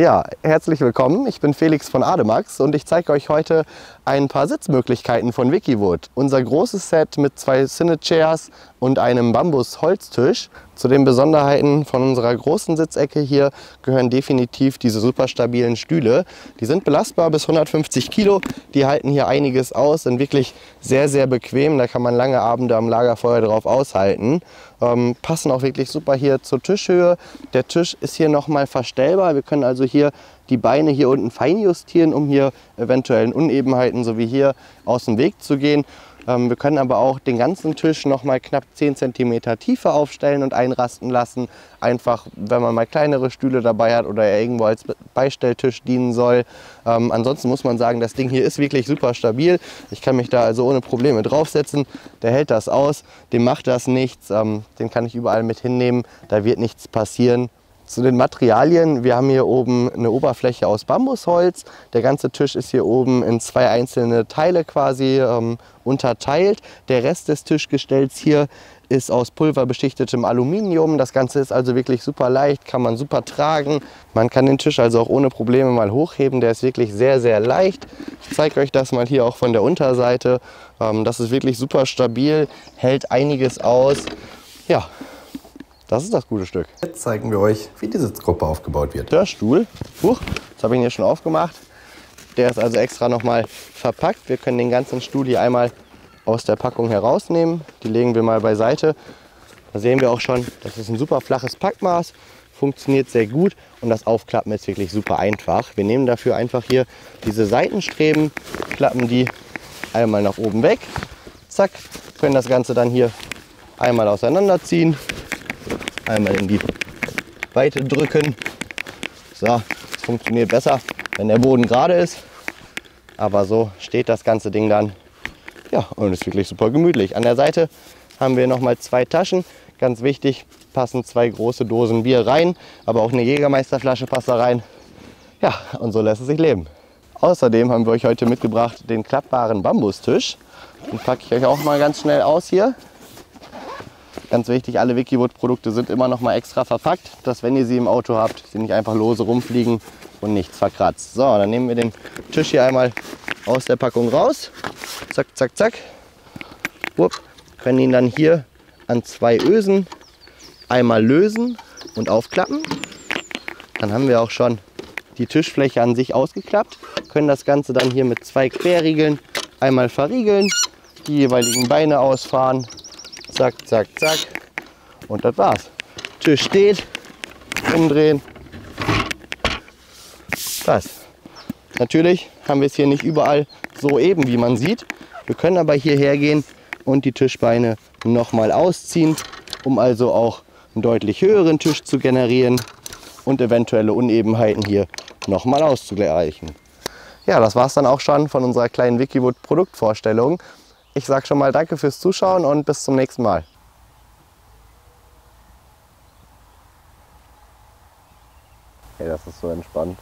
Ja, herzlich willkommen. Ich bin Felix von Ademax und ich zeige euch heute ein paar Sitzmöglichkeiten von Wikiwood. Unser großes Set mit zwei Cine Chairs und einem Bambus-Holztisch zu den Besonderheiten von unserer großen Sitzecke hier gehören definitiv diese super stabilen Stühle. Die sind belastbar bis 150 Kilo, die halten hier einiges aus, sind wirklich sehr, sehr bequem. Da kann man lange Abende am Lagerfeuer drauf aushalten. Ähm, passen auch wirklich super hier zur Tischhöhe. Der Tisch ist hier nochmal verstellbar. Wir können also hier die Beine hier unten fein justieren, um hier eventuellen Unebenheiten, so wie hier, aus dem Weg zu gehen. Ähm, wir können aber auch den ganzen Tisch noch mal knapp 10 cm tiefer aufstellen und einrasten lassen. Einfach, wenn man mal kleinere Stühle dabei hat oder er irgendwo als Beistelltisch dienen soll. Ähm, ansonsten muss man sagen, das Ding hier ist wirklich super stabil. Ich kann mich da also ohne Probleme draufsetzen. Der hält das aus, dem macht das nichts, ähm, den kann ich überall mit hinnehmen. Da wird nichts passieren. Zu den Materialien, wir haben hier oben eine Oberfläche aus Bambusholz. Der ganze Tisch ist hier oben in zwei einzelne Teile quasi ähm, unterteilt. Der Rest des Tischgestells hier ist aus pulverbeschichtetem Aluminium. Das Ganze ist also wirklich super leicht, kann man super tragen. Man kann den Tisch also auch ohne Probleme mal hochheben. Der ist wirklich sehr, sehr leicht. Ich zeige euch das mal hier auch von der Unterseite. Ähm, das ist wirklich super stabil, hält einiges aus. Ja, das ist das gute Stück. Jetzt zeigen wir euch, wie die Sitzgruppe aufgebaut wird. Der Stuhl, huch, das habe ich hier schon aufgemacht. Der ist also extra nochmal verpackt. Wir können den ganzen Stuhl hier einmal aus der Packung herausnehmen. Die legen wir mal beiseite. Da sehen wir auch schon, das ist ein super flaches Packmaß, funktioniert sehr gut und das Aufklappen ist wirklich super einfach. Wir nehmen dafür einfach hier diese Seitenstreben, klappen die einmal nach oben weg, zack, können das Ganze dann hier einmal auseinanderziehen, Einmal in die Weite drücken. So, es funktioniert besser, wenn der Boden gerade ist. Aber so steht das ganze Ding dann. Ja, und ist wirklich super gemütlich. An der Seite haben wir nochmal zwei Taschen. Ganz wichtig, passen zwei große Dosen Bier rein, aber auch eine Jägermeisterflasche passt da rein. Ja, und so lässt es sich leben. Außerdem haben wir euch heute mitgebracht den klappbaren Bambustisch. Den packe ich euch auch mal ganz schnell aus hier. Ganz wichtig, alle Wikiwood-Produkte sind immer noch mal extra verpackt, dass wenn ihr sie im Auto habt, sie nicht einfach lose rumfliegen und nichts verkratzt. So, dann nehmen wir den Tisch hier einmal aus der Packung raus. Zack, zack, zack. Upp. Können ihn dann hier an zwei Ösen einmal lösen und aufklappen. Dann haben wir auch schon die Tischfläche an sich ausgeklappt. Können das Ganze dann hier mit zwei Querriegeln einmal verriegeln, die jeweiligen Beine ausfahren Zack, zack, zack. Und das war's. Tisch steht, umdrehen. Das. Natürlich haben wir es hier nicht überall so eben, wie man sieht. Wir können aber hierher gehen und die Tischbeine nochmal ausziehen, um also auch einen deutlich höheren Tisch zu generieren und eventuelle Unebenheiten hier nochmal auszugleichen. Ja, das war es dann auch schon von unserer kleinen Wikiwood Produktvorstellung. Ich sage schon mal danke fürs Zuschauen und bis zum nächsten Mal. Hey, das ist so entspannt.